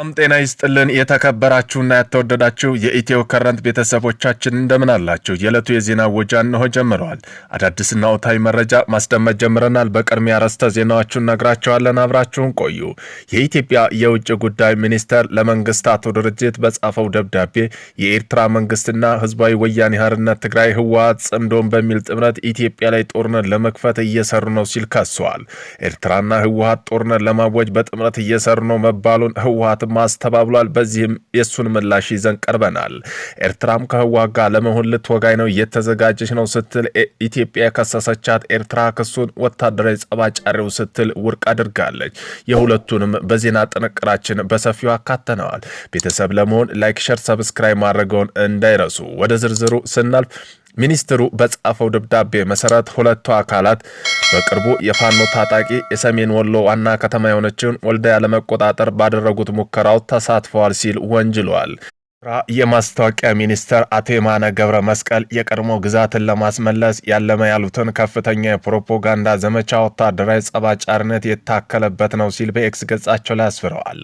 በጣም ጤና ይስጥልን የተከበራችሁና ያተወደዳችሁ የኢትዮ ከረንት ቤተሰቦቻችን እንደምን አላችሁ? የዕለቱ የዜና ወጃ እንሆ ጀምረዋል። አዳዲስና ወቅታዊ መረጃ ማስደመጥ ጀምረናል። በቅድሚያ ርዕሰ ዜናዎቹን ነግራቸዋለን። አብራችሁን ቆዩ። የኢትዮጵያ የውጭ ጉዳይ ሚኒስቴር ለመንግስታቱ ድርጅት በጻፈው ደብዳቤ የኤርትራ መንግስትና ህዝባዊ ወያኔ ሓርነት ትግራይ ህወሓት ጽምዶን በሚል ጥምረት ኢትዮጵያ ላይ ጦርነት ለመክፈት እየሰሩ ነው ሲል ከሷል። ኤርትራና ህወሓት ጦርነት ለማወጅ በጥምረት እየሰሩ ነው መባሉን ህወሓት እንዲፈርም አስተባብሏል። በዚህም የእሱን ምላሽ ይዘን ቀርበናል። ኤርትራም ከህወሓት ጋር ለመሆን ልትወጋኝ ነው እየተዘጋጀች ነው ስትል ኢትዮጵያ የከሰሰቻት ኤርትራ ክሱን ወታደራዊ ጸባጫሪው ስትል ውድቅ አድርጋለች። የሁለቱንም በዜና ጥንቅራችን በሰፊው አካተነዋል። ቤተሰብ ለመሆን ላይክ፣ ሸር፣ ሰብስክራይብ ማድረገውን እንዳይረሱ። ወደ ዝርዝሩ ስናልፍ ሚኒስትሩ በጻፈው ደብዳቤ መሰረት ሁለቱ አካላት በቅርቡ የፋኖ ታጣቂ የሰሜን ወሎ ዋና ከተማ የሆነችውን ወልዲያ ለመቆጣጠር ባደረጉት ሙከራው ተሳትፈዋል ሲል ወንጅለዋል። ራ የማስታወቂያ ሚኒስተር አቶ የማነ ገብረ መስቀል የቀድሞ ግዛትን ለማስመለስ ያለመ ያሉትን ከፍተኛ የፕሮፓጋንዳ ዘመቻ ወታደራዊ ጸባጫርነት የታከለበት ነው ሲል በኤክስ ገጻቸው ላይ አስፍረዋል።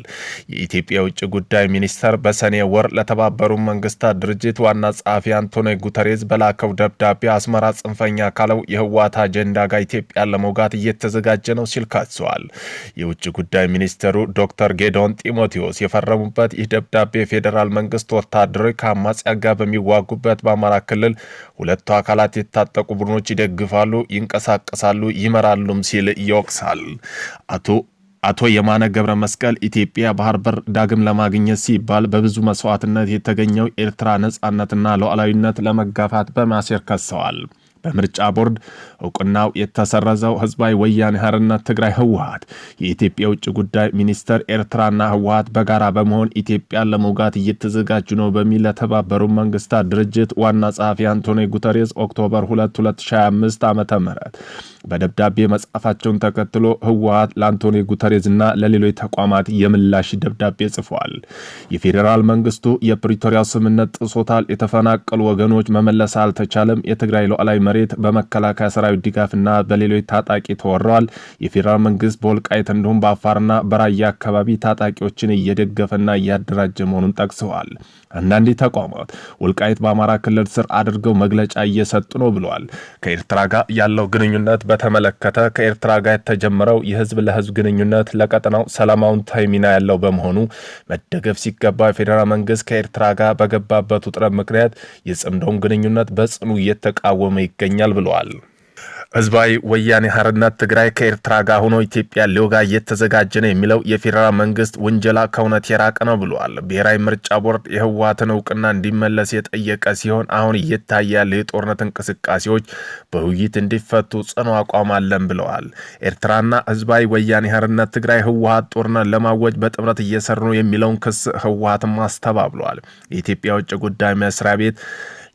የኢትዮጵያ የውጭ ጉዳይ ሚኒስተር በሰኔ ወር ለተባበሩት መንግስታት ድርጅት ዋና ጸሐፊ አንቶኒ ጉተሬዝ በላከው ደብዳቤ አስመራ ጽንፈኛ ካለው የህወሓት አጀንዳ ጋር ኢትዮጵያን ለመውጋት እየተዘጋጀ ነው ሲል ከሷል። የውጭ ጉዳይ ሚኒስተሩ ዶክተር ጌዶን ጢሞቴዎስ የፈረሙበት ይህ ደብዳቤ ፌዴራል መንግስት አምስት ወታደሮች ከአማጽያ ጋር በሚዋጉበት በአማራ ክልል ሁለቱ አካላት የታጠቁ ቡድኖች ይደግፋሉ፣ ይንቀሳቀሳሉ፣ ይመራሉም ሲል ይወቅሳል። አቶ አቶ የማነ ገብረ መስቀል ኢትዮጵያ ባህር በር ዳግም ለማግኘት ሲባል በብዙ መስዋዕትነት የተገኘው ኤርትራ ነጻነትና ሉዓላዊነት ለመጋፋት በማሴር ከሰዋል። በምርጫ ቦርድ እውቅናው የተሰረዘው ህዝባዊ ወያኔ ሓርነት ትግራይ ህወሀት የኢትዮጵያ የውጭ ጉዳይ ሚኒስቴር ኤርትራና ህወሀት በጋራ በመሆን ኢትዮጵያን ለመውጋት እየተዘጋጁ ነው በሚል ለተባበሩ መንግስታት ድርጅት ዋና ጸሐፊ አንቶኒ ጉተሬስ ኦክቶበር 2 2025 ዓ ም በደብዳቤ መጻፋቸውን ተከትሎ ህወሀት ለአንቶኒ ጉተሬዝ እና ለሌሎች ተቋማት የምላሽ ደብዳቤ ጽፏል። የፌዴራል መንግስቱ የፕሪቶሪያ ስምምነት ጥሶታል፣ የተፈናቀሉ ወገኖች መመለስ አልተቻለም፣ የትግራይ ሉዓላዊ መሬት በመከላከያ ሰራዊት ድጋፍና በሌሎች ታጣቂ ተወረዋል። የፌዴራል መንግስት በወልቃይት እንዲሁም በአፋርና በራያ አካባቢ ታጣቂዎችን እየደገፈና እያደራጀ መሆኑን ጠቅሰዋል። አንዳንድ ተቋማት ወልቃይት በአማራ ክልል ስር አድርገው መግለጫ እየሰጡ ነው ብለዋል። ከኤርትራ ጋር ያለው ግንኙነት በተመለከተ ከኤርትራ ጋር የተጀመረው የህዝብ ለህዝብ ግንኙነት ለቀጠናው ሰላማውን ታይሚና ያለው በመሆኑ መደገፍ ሲገባ የፌዴራል መንግስት ከኤርትራ ጋር በገባበት ውጥረት ምክንያት የጽምደውን ግንኙነት በጽኑ እየተቃወመ ይገኛል ብለዋል። ህዝባዊ ወያኔ ሀርነት ትግራይ ከኤርትራ ጋር ሆኖ ኢትዮጵያ ሊወጋ እየተዘጋጀ ነው የሚለው የፌዴራል መንግስት ውንጀላ ከእውነት የራቀ ነው ብለዋል። ብሔራዊ ምርጫ ቦርድ የህወሓትን እውቅና እንዲመለስ የጠየቀ ሲሆን አሁን እየታየ ያለ የጦርነት እንቅስቃሴዎች በውይይት እንዲፈቱ ጽኑ አቋም አለን ብለዋል። ኤርትራና ህዝባዊ ወያኔ ሀርነት ትግራይ ህወሓት ጦርነት ለማወጅ በጥምረት እየሰሩ ነው የሚለውን ክስ ህወሓትም አስተባብለዋል። የኢትዮጵያ ውጭ ጉዳይ መስሪያ ቤት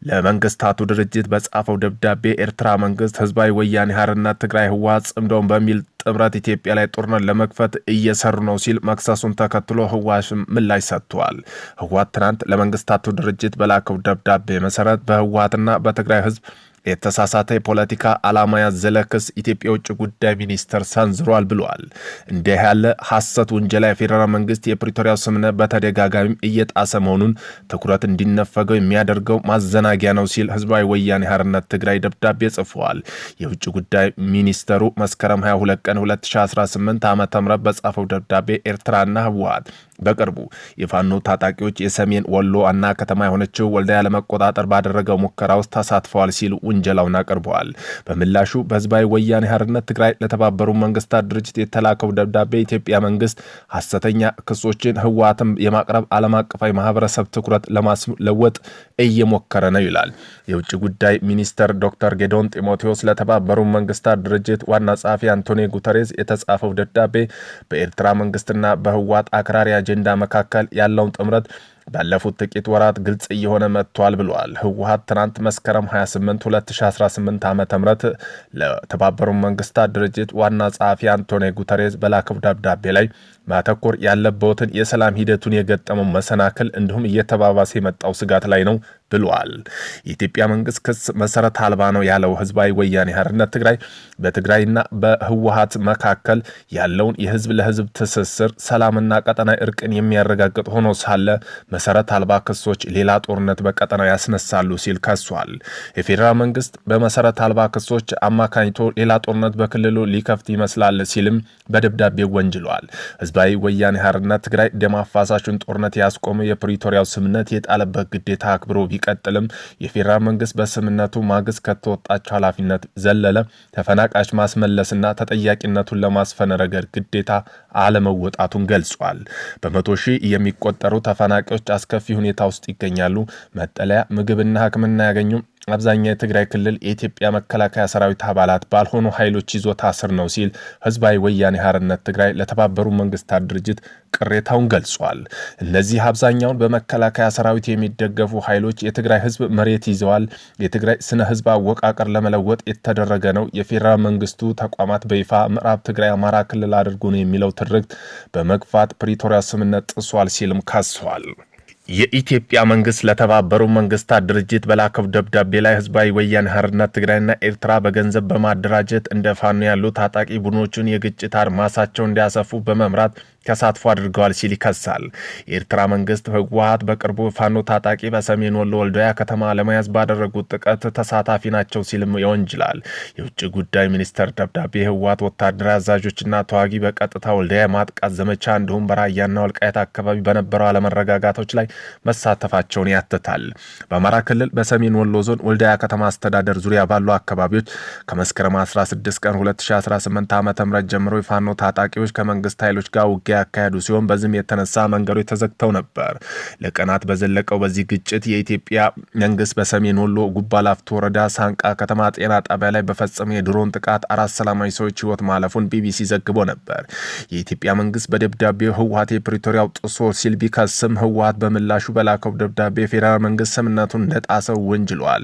ለመንግስታቱ ድርጅት በጻፈው ደብዳቤ ኤርትራ መንግስት ህዝባዊ ወያኔ ሓርነት ትግራይ ህወሓት ጽምዶን በሚል ጥምረት ኢትዮጵያ ላይ ጦርነት ለመክፈት እየሰሩ ነው ሲል መክሰሱን ተከትሎ ህወሓትም ምላሽ ሰጥቷል። ህወሓት ትናንት ለመንግስታቱ ድርጅት በላከው ደብዳቤ መሰረት በህወሓትና በትግራይ ህዝብ የተሳሳተ የፖለቲካ ዓላማ ያዘለ ክስ ኢትዮጵያ የውጭ ጉዳይ ሚኒስቴር ሰንዝሯል ብለዋል። እንዲህ ያለ ሐሰት ውንጀላ የፌዴራል መንግስት የፕሪቶሪያ ስምምነት በተደጋጋሚ እየጣሰ መሆኑን ትኩረት እንዲነፈገው የሚያደርገው ማዘናጊያ ነው ሲል ህዝባዊ ወያኔ ሓርነት ትግራይ ደብዳቤ ጽፈዋል። የውጭ ጉዳይ ሚኒስተሩ መስከረም 22 ቀን 2018 ዓ ም በጻፈው ደብዳቤ ኤርትራና ህወሓት በቅርቡ የፋኖ ታጣቂዎች የሰሜን ወሎ ዋና ከተማ የሆነችው ወልዳያ ለመቆጣጠር ባደረገው ሙከራ ውስጥ ተሳትፈዋል ሲል ውንጀላውን አቅርበዋል። በምላሹ በህዝባዊ ወያኔ ሓርነት ትግራይ ለተባበሩ መንግስታት ድርጅት የተላከው ደብዳቤ የኢትዮጵያ መንግስት ሐሰተኛ ክሶችን ህወሓትም የማቅረብ ዓለም አቀፋዊ ማህበረሰብ ትኩረት ለማስለወጥ እየሞከረ ነው ይላል። የውጭ ጉዳይ ሚኒስተር ዶክተር ጌዶን ጢሞቴዎስ ለተባበሩ መንግስታት ድርጅት ዋና ጸሐፊ አንቶኒ ጉተሬዝ የተጻፈው ደብዳቤ በኤርትራ መንግስትና በህወሓት አክራሪያ አጀንዳ መካከል ያለውን ጥምረት ባለፉት ጥቂት ወራት ግልጽ እየሆነ መጥቷል ብለዋል። ህወሀት ትናንት መስከረም 28 2018 ዓ ም ለተባበሩ መንግስታት ድርጅት ዋና ጸሐፊ አንቶኒ ጉተሬዝ በላከው ደብዳቤ ላይ ማተኮር ያለበትን የሰላም ሂደቱን የገጠመው መሰናክል እንዲሁም እየተባባሰ የመጣው ስጋት ላይ ነው ብሏል። የኢትዮጵያ መንግስት ክስ መሰረት አልባ ነው ያለው ህዝባዊ ወያኔ ሓርነት ትግራይ በትግራይና በህወሀት መካከል ያለውን የህዝብ ለህዝብ ትስስር ሰላምና ቀጠና እርቅን የሚያረጋግጥ ሆኖ ሳለ መሰረት አልባ ክሶች ሌላ ጦርነት በቀጠናው ያስነሳሉ ሲል ከሷል። የፌዴራል መንግስት በመሰረት አልባ ክሶች አማካኝቶ ሌላ ጦርነት በክልሉ ሊከፍት ይመስላል ሲልም በደብዳቤ ወንጅሏል። ህዝባዊ ወያኔ ሓርነት ትግራይ ደም አፋሳሹን ጦርነት ያስቆመ የፕሪቶሪያው ስምምነት የጣለበት ግዴታ አክብሮ ቢቀጥልም። የፌዴራል መንግስት በስምነቱ ማግስት ከተወጣቸው ኃላፊነት ዘለለ ተፈናቃዮች ማስመለስና ተጠያቂነቱን ለማስፈን ረገድ ግዴታ አለመወጣቱን ገልጿል። በመቶ ሺህ የሚቆጠሩ ተፈናቃዮች አስከፊ ሁኔታ ውስጥ ይገኛሉ። መጠለያ፣ ምግብና ሕክምና ያገኙም አብዛኛው የትግራይ ክልል የኢትዮጵያ መከላከያ ሰራዊት አባላት ባልሆኑ ኃይሎች ይዞታ ስር ነው ሲል ህዝባዊ ወያኔ ሓርነት ትግራይ ለተባበሩ መንግስታት ድርጅት ቅሬታውን ገልጿል። እነዚህ አብዛኛውን በመከላከያ ሰራዊት የሚደገፉ ኃይሎች የትግራይ ህዝብ መሬት ይዘዋል፣ የትግራይ ስነ ህዝብ አወቃቀር ለመለወጥ የተደረገ ነው፣ የፌዴራል መንግስቱ ተቋማት በይፋ ምዕራብ ትግራይ አማራ ክልል አድርጎ ነው የሚለው ትርክት በመግፋት ፕሪቶሪያ ስምነት ጥሷል ሲልም ካሰዋል። የኢትዮጵያ መንግስት ለተባበሩ መንግስታት ድርጅት በላከው ደብዳቤ ላይ ህዝባዊ ወያነ ሓርነት ትግራይና ኤርትራ በገንዘብ በማደራጀት እንደ ፋኖ ያሉ ታጣቂ ቡድኖቹን የግጭት አድማሳቸው እንዲያሰፉ በመምራት ተሳትፎ አድርገዋል ሲል ይከሳል። የኤርትራ መንግስት ህወሀት በቅርቡ ፋኖ ታጣቂ በሰሜን ወሎ ወልዳያ ከተማ ለመያዝ ባደረጉት ጥቃት ተሳታፊ ናቸው ሲልም ይወንጅላል። የውጭ ጉዳይ ሚኒስቴር ደብዳቤ ህወሀት ወታደራዊ አዛዦችና ተዋጊ በቀጥታ ወልዳያ ማጥቃት ዘመቻ እንዲሁም በራያና ወልቃየት አካባቢ በነበረው አለመረጋጋቶች ላይ መሳተፋቸውን ያትታል። በአማራ ክልል በሰሜን ወሎ ዞን ወልዳያ ከተማ አስተዳደር ዙሪያ ባሉ አካባቢዎች ከመስከረም 16 ቀን 2018 ዓ ም ጀምሮ የፋኖ ታጣቂዎች ከመንግስት ኃይሎች ጋር ውጊያ ያካሄዱ ሲሆን በዚህም የተነሳ መንገዶች ተዘግተው ነበር። ለቀናት በዘለቀው በዚህ ግጭት የኢትዮጵያ መንግስት በሰሜን ወሎ ጉባ ወረዳ ሳንቃ ከተማ ጤና ጣቢያ ላይ በፈጸመ የድሮን ጥቃት አራት ሰላማዊ ሰዎች ህይወት ማለፉን ቢቢሲ ዘግቦ ነበር። የኢትዮጵያ መንግስት በደብዳቤው ህወሀት የፕሪቶሪያው ጥሶ ሲል ቢከስም ህወሀት በምል በምላሹ በላከው ደብዳቤ የፌዴራል መንግስት ስምነቱን እንደጣሰው ወንጅለዋል።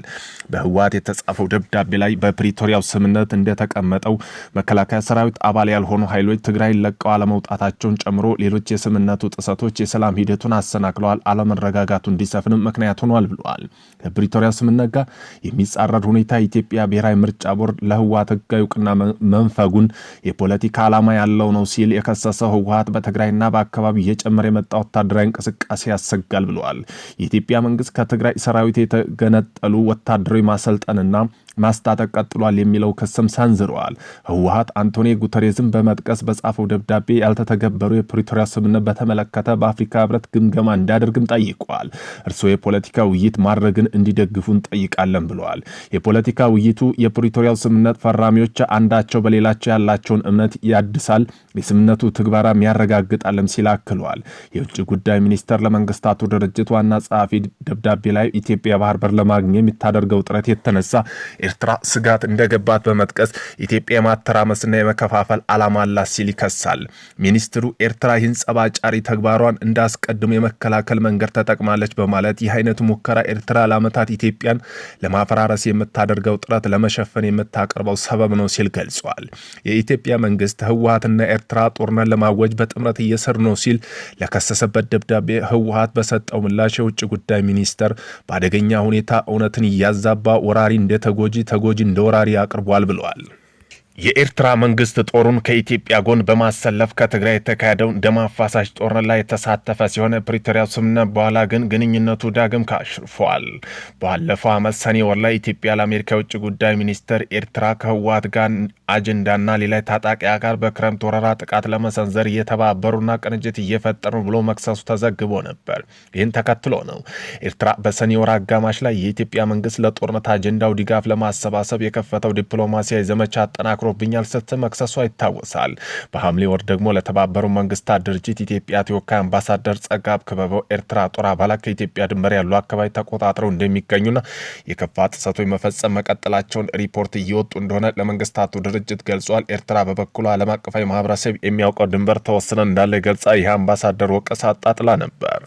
በህወሓት የተጻፈው ደብዳቤ ላይ በፕሪቶሪያው ስምነት እንደተቀመጠው መከላከያ ሰራዊት አባል ያልሆኑ ኃይሎች ትግራይ ለቀው አለመውጣታቸውን ጨምሮ ሌሎች የስምነቱ ጥሰቶች የሰላም ሂደቱን አሰናክለዋል፣ አለመረጋጋቱ እንዲሰፍንም ምክንያት ሆኗል ብለዋል። ከፕሪቶሪያው ስምነት ጋር የሚጻረር ሁኔታ የኢትዮጵያ ብሔራዊ ምርጫ ቦርድ ለህወሓት ህጋዊ እውቅና መንፈጉን የፖለቲካ ዓላማ ያለው ነው ሲል የከሰሰው ህወሓት በትግራይና በአካባቢው እየጨመረ የመጣ ወታደራዊ እንቅስቃሴ ያሰጋል ይዘጋል ብለዋል። የኢትዮጵያ መንግስት ከትግራይ ሰራዊት የተገነጠሉ ወታደራዊ ማሰልጠንና ማስታጠቅ ቀጥሏል የሚለው ክስም ሰንዝረዋል። ህወሀት አንቶኒ ጉተሬዝን በመጥቀስ በጻፈው ደብዳቤ ያልተተገበሩ የፕሪቶሪያ ስምምነት በተመለከተ በአፍሪካ ህብረት ግምገማ እንዲያደርግም ጠይቋል። እርስዎ የፖለቲካ ውይይት ማድረግን እንዲደግፉ እንጠይቃለን ብለዋል። የፖለቲካ ውይይቱ የፕሪቶሪያው ስምምነት ፈራሚዎች አንዳቸው በሌላቸው ያላቸውን እምነት ያድሳል፣ የስምምነቱ ትግበራም ያረጋግጣለም ሲል አክሏል። የውጭ ጉዳይ ሚኒስቴር ለመንግስታቱ ድርጅት ዋና ጸሐፊ ደብዳቤ ላይ ኢትዮጵያ ባህር በር ለማግኘት የሚታደርገው ጥረት የተነሳ ኤርትራ ስጋት እንደገባት በመጥቀስ ኢትዮጵያ የማተራመስና የመከፋፈል ዓላማ አላት ሲል ይከሳል። ሚኒስትሩ ኤርትራ ይህን ጸባጫሪ ተግባሯን እንዳስቀድሞ የመከላከል መንገድ ተጠቅማለች በማለት ይህ አይነቱ ሙከራ ኤርትራ ለዓመታት ኢትዮጵያን ለማፈራረስ የምታደርገው ጥረት ለመሸፈን የምታቀርበው ሰበብ ነው ሲል ገልጿል። የኢትዮጵያ መንግስት ህወሀትና ኤርትራ ጦርነት ለማወጅ በጥምረት እየሰሩ ነው ሲል ለከሰሰበት ደብዳቤ ህወሀት በሰጠው ምላሽ የውጭ ጉዳይ ሚኒስተር በአደገኛ ሁኔታ እውነትን እያዛባ ወራሪ እንደተጎጂ ተጎጂ ለወራሪ አቅርቧል ብለዋል። የኤርትራ መንግስት ጦሩን ከኢትዮጵያ ጎን በማሰለፍ ከትግራይ የተካሄደውን ደም አፋሳሽ ጦርነት ላይ የተሳተፈ ሲሆን ፕሪቶሪያ ስምምነት በኋላ ግን ግንኙነቱ ዳግም ካሽርፏል። ባለፈው ዓመት ሰኔ ወር ላይ ኢትዮጵያ ለአሜሪካ የውጭ ጉዳይ ሚኒስትር ኤርትራ ከህወሓት ጋር አጀንዳና ሌላ ታጣቂ ጋር በክረምት ወረራ ጥቃት ለመሰንዘር እየተባበሩና ቅንጅት እየፈጠሩ ብሎ መክሰሱ ተዘግቦ ነበር። ይህን ተከትሎ ነው ኤርትራ በሰኔ ወር አጋማሽ ላይ የኢትዮጵያ መንግስት ለጦርነት አጀንዳው ድጋፍ ለማሰባሰብ የከፈተው ዲፕሎማሲያዊ ዘመቻ አጠናክሮ አፍሮብኛል ስትል መክሰሷ ይታወሳል። በሐምሌ ወር ደግሞ ለተባበሩ መንግስታት ድርጅት ኢትዮጵያ ተወካይ አምባሳደር ጸጋብ ክበበው ኤርትራ ጦር አባላት ከኢትዮጵያ ድንበር ያሉ አካባቢ ተቆጣጥረው እንደሚገኙና የከፋ ጥሰቶች መፈጸም መቀጠላቸውን ሪፖርት እየወጡ እንደሆነ ለመንግስታቱ ድርጅት ገልጿል። ኤርትራ በበኩሏ ዓለም አቀፋዊ ማህበረሰብ የሚያውቀው ድንበር ተወስነን እንዳለ ገልጻ ይህ አምባሳደር ወቀሳ አጣጥላ ነበር።